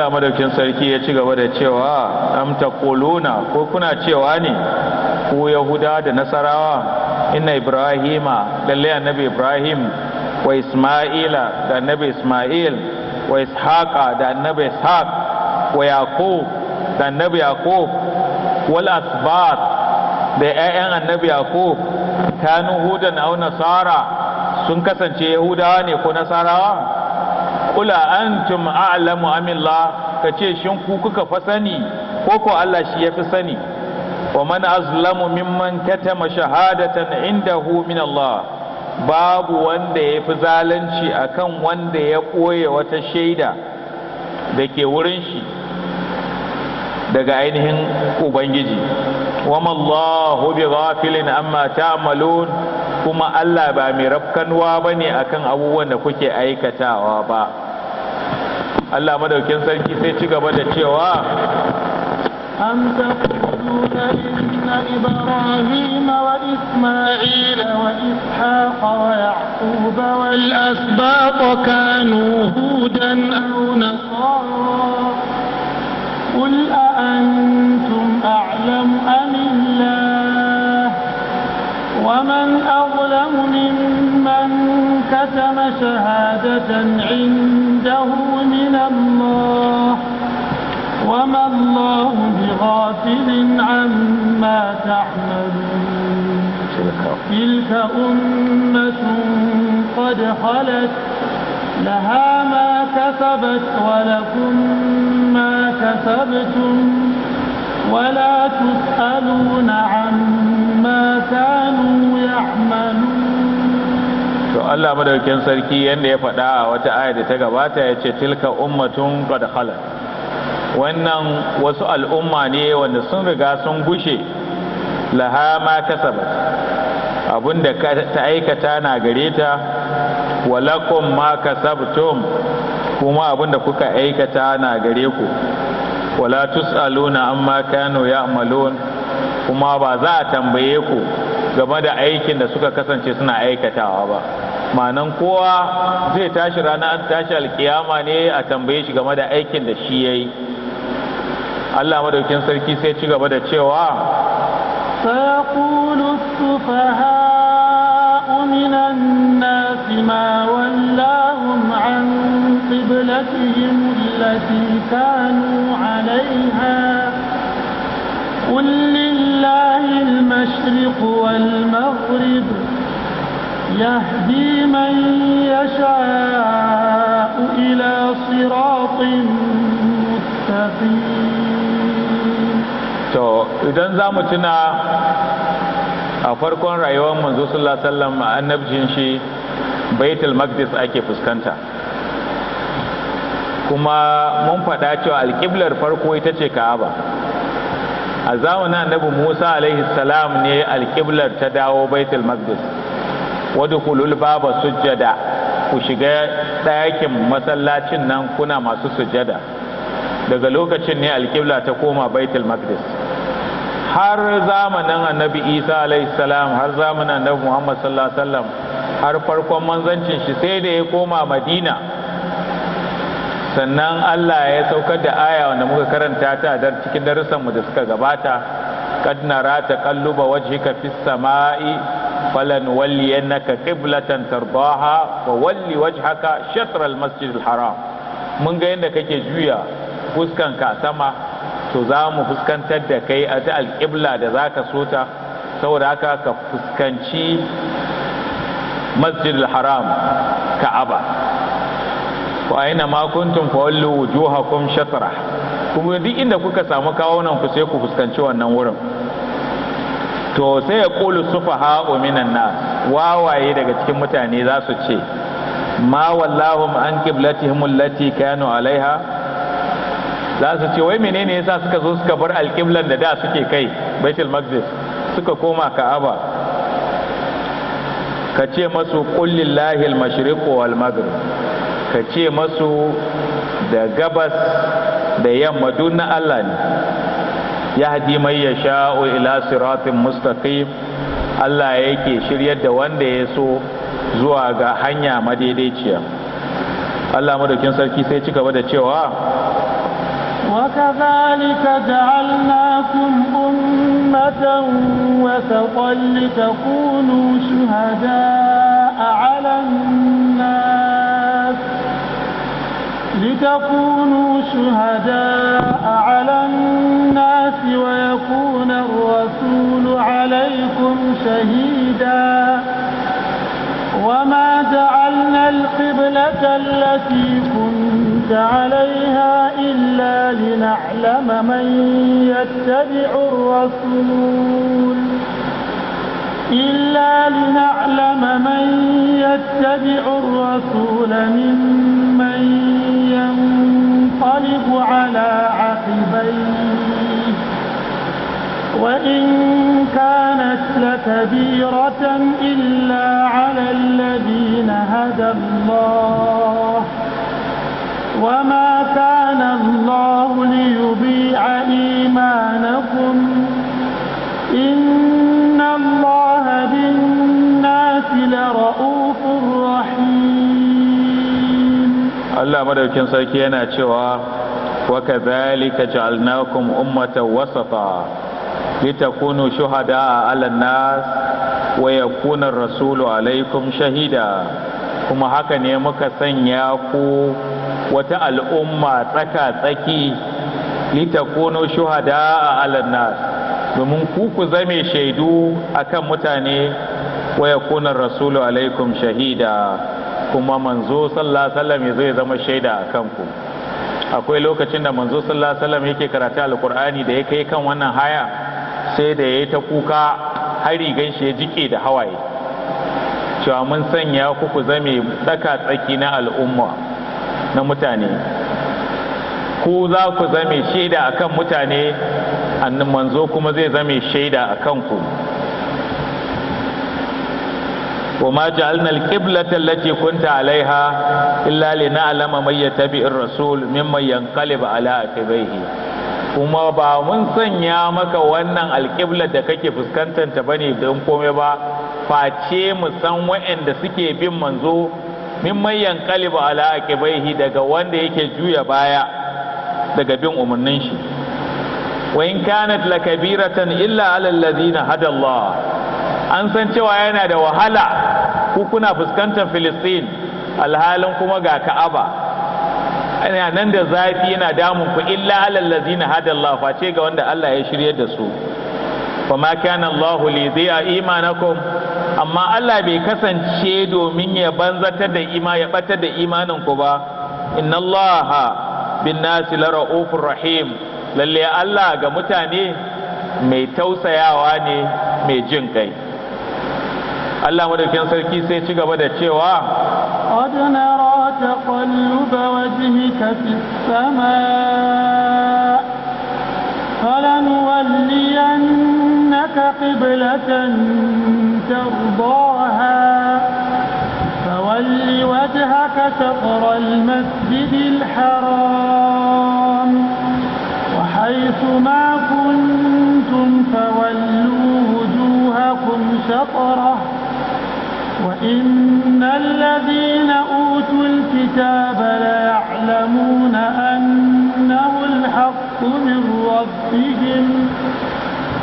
Allah madaukin sarki ya ci gaba da cewa am taquluna ko kuna cewa ne ku yahuda da nasarawa inna ibrahima lalle annabi ibrahim wa isma'ila da annabi isma'il wa ishaqa da annabi ishaq wa yaqub da annabi yaqub wal asbat da ƴaƴan annabi yaqub kanu hudan aw nasara sun kasance yahudawa ne ko nasarawa kula antum a'lamu amillah ka ce shin ku kuka fa sani ko ko Allah shi ya fi sani wa man azlamu mimman katama shahadatan indahu min Allah babu wanda ya fi zalunci akan wanda ya koye wata shaida da ke wurin shi daga ainihin ubangiji wama Allahu bi ghafilin amma ta'malun kuma Allah ba mai rafkanwa bane akan abubuwan da kuke aikatawa ba Allah madaukin sarki sai ci gaba da cewa am taquluna inna ibrahima wa isma'ila wa ishaqa wa ya'qub wa al asbaq kanu hudan aw nasara qul a antum a'lam am Allah أظلم ممن كتم شهادة عند عنده من الله وما الله بغافل عما تعملون تلك أمة قد خلت لها ما كسبت ولكم ما كسبتم ولا تسألون عما كانوا يعملون Allah madaukin sarki yanda ya faɗa a wata aya da ta gabata ya ce tilka ummatun qad khalat wannan wasu al'umma ne wanda sun riga sun gushe laha ma kasabat abinda ta aikata na gare ta walakum ma kasabtum kuma abinda kuka aikata na gare ku wala tusaluna amma kanu ya'malun kuma ba za a tambaye ku game da aikin da suka kasance suna aikatawa ba Manan kowa zai tashi ranar tashi alkiyama ne a tambaye shi game da aikin da shi ya yi Allah madaukin sarki sai ci gaba da cewa sayaqulu sufaha'u minan nas ma wallahum an qiblatihim allati kanu 'alayha qul lillahi al-mashriq wal-maghrib يهدي من يشاء إلى صراط مستقيم to idan za mu tuna a farkon rayuwar manzo sallallahu alaihi a annabcin shi baitul maqdis ake fuskanta kuma mun faɗa cewa alƙiblar farko ita ce ka'aba a zamanin annabi musa alaihi salam ne alƙiblar ta dawo baitul maqdis wadkhulul baba sujjada ku shiga ɗakin masallacin nan kuna masu sujjada daga lokacin ne alkibla ta koma baitul maqdis har zamanin annabi isa alayhi salam har zamanin annabi muhammad sallallahu alaihi wasallam har farkon manzancin shi sai da ya koma madina sannan allah ya saukar da aya wanda muka karanta ta a cikin darussanmu da suka gabata kad narata waje wajhika fis sama'i فلنولينك قبلة ترضاها وولي وجهك شطر المسجد الحرام Mun ga yadda kake juya fuskanka sama to za mu fuskantar da kai a ta alƙibla da za ka so ta saboda haka ka fuskanci masjid haram ka'aba ko aina ma kuntum fa wallu wujuhakum shatra kuma duk inda kuka samu kawo ku sai ku fuskanci wannan wurin to sai ya ƙulu sufaha minan na wawaye daga cikin mutane za su ce ma wallahum an qiblatihim allati kanu alaiha za su ce wai menene yasa suka zo suka bar alƙiblar da da suke kai baitul maqdis suka koma ka'aba ka ce masu kullillahi al-mashriq wal maghrib ka ce masu da gabas da yamma duk na Allah ne yahdi mai yasha'u ila siratin mustaqim Allah yake shiryar da wanda ya so zuwa ga hanya madaidaiciya Allah madaukin sarki sai ci gaba da cewa وكذلك جعلناكم أمة وسطا لتكونوا شهداء على الناس لتكونوا شهداء على الناس ويكون الرسول عليكم شهيدا وما جعلنا القبلة التي كنت عليها إلا لنعلم من يتبع الرسول إلا لنعلم من يتبع الرسول ممن ينقلب على عقبيه وإن كانت لكبيرة إلا على الذين هدى الله وما كان الله ليبيع إيمانكم إن الله بالناس لرؤوف رحيم Allah madaukin sarki yana cewa wa kadhalika ja'alnakum ummatan wasata litakunu shuhada 'ala nas wa yakuna rasulu 'alaykum shahida kuma haka ne muka sanya ku wata al'umma tsaka-tsaki litakunu shuhada 'ala nas domin ku ku zame shaidu akan mutane wa yakuna rasulu 'alaykum shahida kuma manzo sallallahu alaihi wasallam ya zama shaida a kanku akwai lokacin da manzo sallallahu alaihi wasallam yake karatu alqur'ani da ya kai kan wannan haya sai da yayi ta kuka har rigan ya jike da hawaye cewa mun sanya ku ku zame tsaka tsaki na al'umma na mutane ku za ku zame shaida akan mutane annin manzo kuma zai zame shaida akan ku wa ma ja'alna al-qiblata allati kunta 'alayha illa lina'lama man yattabi'ir rasul mimman yanqalib 'ala aqibaihi kuma ba mun sanya maka wannan alƙibla da kake fuskantar ta bane don komai ba face mu san waɗanda suke bin manzo mimman yanqalib 'ala aqibaihi daga wanda yake juya baya daga bin umarnin shi wa in kanat lakabiratan illa 'ala alladhina hada Allah an san cewa yana da wahala ku kuna fuskantar filistin alhalin kuma ga ka'aba yana nan da zafi yana damun ku illa alal ladzina hadallahu face ga wanda Allah ya shirye da su fa ma kana Allah li dhi'a imanakum amma Allah bai kasance domin ya banzatar da ima ya batar da imanin ku ba inna Allah bin nasi la ra'ufur rahim lalle Allah ga mutane mai tausayawa ne mai jin kai الله ولك ينصر كيسة شكا بدأ شوا قد نرى تقلب وجهك في السماء فلنولينك قبلة ترضاها فول وجهك شطر المسجد الحرام وحيث ما كنتم فولوا وجوهكم شطره وإن الذين أوتوا الكتاب ليعلمون أنه الحق من ربهم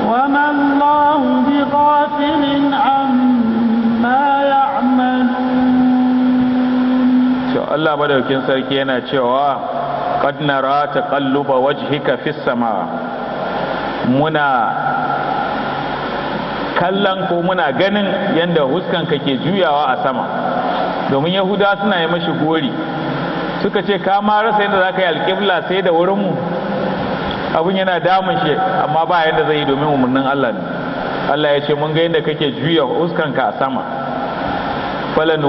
وما الله بغافل عما يعملون الله مدوكين سركينا cewa قد نرى تقلب وجهك في السماء muna kallon ko muna ganin yadda huskanka ke juyawa a sama domin yahuda suna yi mashi gori suka ce ka ma rasa yadda za ka yi alƙibla sai da wurinmu abin yana damun shi amma ba yadda zai yi domin umarnin allah ne allah ya ce mun ga yadda kake juya huskanka a sama falan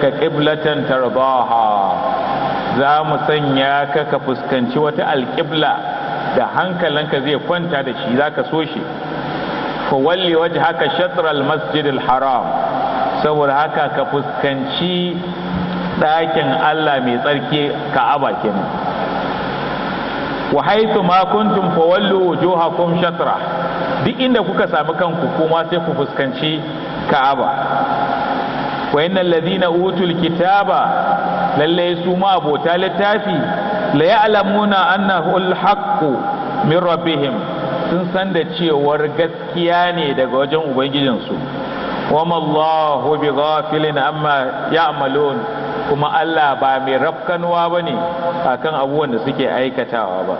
ka qiblatan Tarbaha, za mu sanya ka ka fuskanci wata alƙibla da hankalinka zai kwanta da shi za ka so shi fawalli haka shatr al-masjid al-haram saboda haka ka fuskanci ɗakin Allah mai tsarki ka'aba kenan wa haythu ma kuntum fawallu wujuhakum shatra duk inda kuka sami kanku kuma sai ku fuskanci ka'aba wa innal ladina utul kitaba lalle su ma abota littafi la ya'lamuna annahu al-haqqu min rabbihim sun san da cewar gaskiya ne daga wajen ubangijinsu wama Allahu bi ghafilin amma ya'malun kuma Allah ba mai rafkanuwa bane akan abubuwan da suke aikatawa ba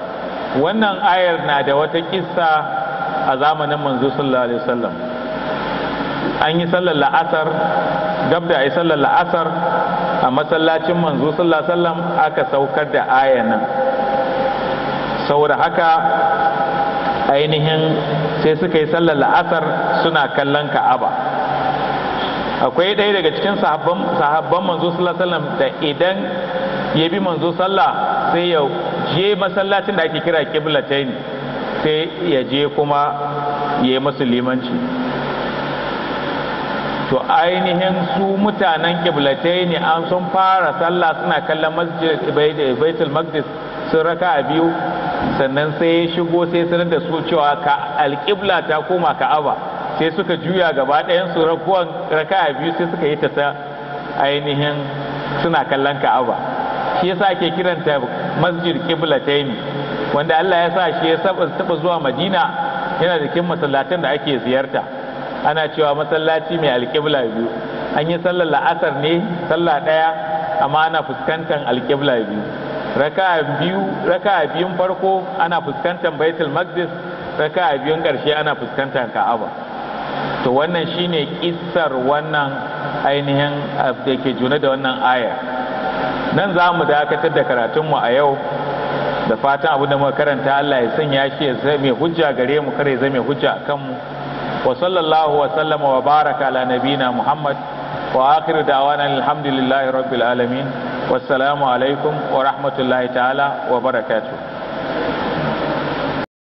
wannan ayar na da wata kissa a zamanin manzo sallallahu alaihi wasallam an yi sallar la'asar gab da ayi sallar la'asar a masallacin manzo sallallahu alaihi wasallam aka saukar da ayan nan saboda haka ainihin sai suka yi sallar la'asar suna kallon ka'aba akwai ɗaya daga cikin sahabban manzo sallallahu da idan ya bi manzo sallah sai ya je masallacin da ake kira kiblatain sai ya je kuma ya yi masu limanci to ainihin su mutanen kiblatain an sun fara sallah suna kallon masjid baitul maqdis sun raka a biyu sannan sai ya shigo sai sanar da su cewa ka alƙibla ta koma ka'aba sai suka juya gaba ɗayan su rakuwan a biyu sai suka yi ta ta ainihin suna kallon ka'aba shi yasa ake kiranta masjid qiblataini wanda Allah ya sa shi ya saba zuwa Madina yana da cikin masallatan da ake ziyarta ana cewa masallaci mai alƙibla biyu an yi sallar la'asar ne sallah ɗaya amma ana fuskantar alƙibla biyu raka'a biyu biyun farko ana fuskantar baitul maqdis raka'a biyun karshe ana fuskantar ka'aba to wannan shine kissar wannan ainihin da ke juna da wannan aya nan za mu dakatar da karatun mu a yau da fatan abin da muka karanta Allah ya sanya shi ya mai hujja gare mu kare mai hujja a mu wa sallallahu wa sallama wa baraka ala nabina muhammad wa akhiru da'wana alhamdulillahi rabbil alamin wassalamu alaikum wa rahmatullahi ta'ala wa barakatuh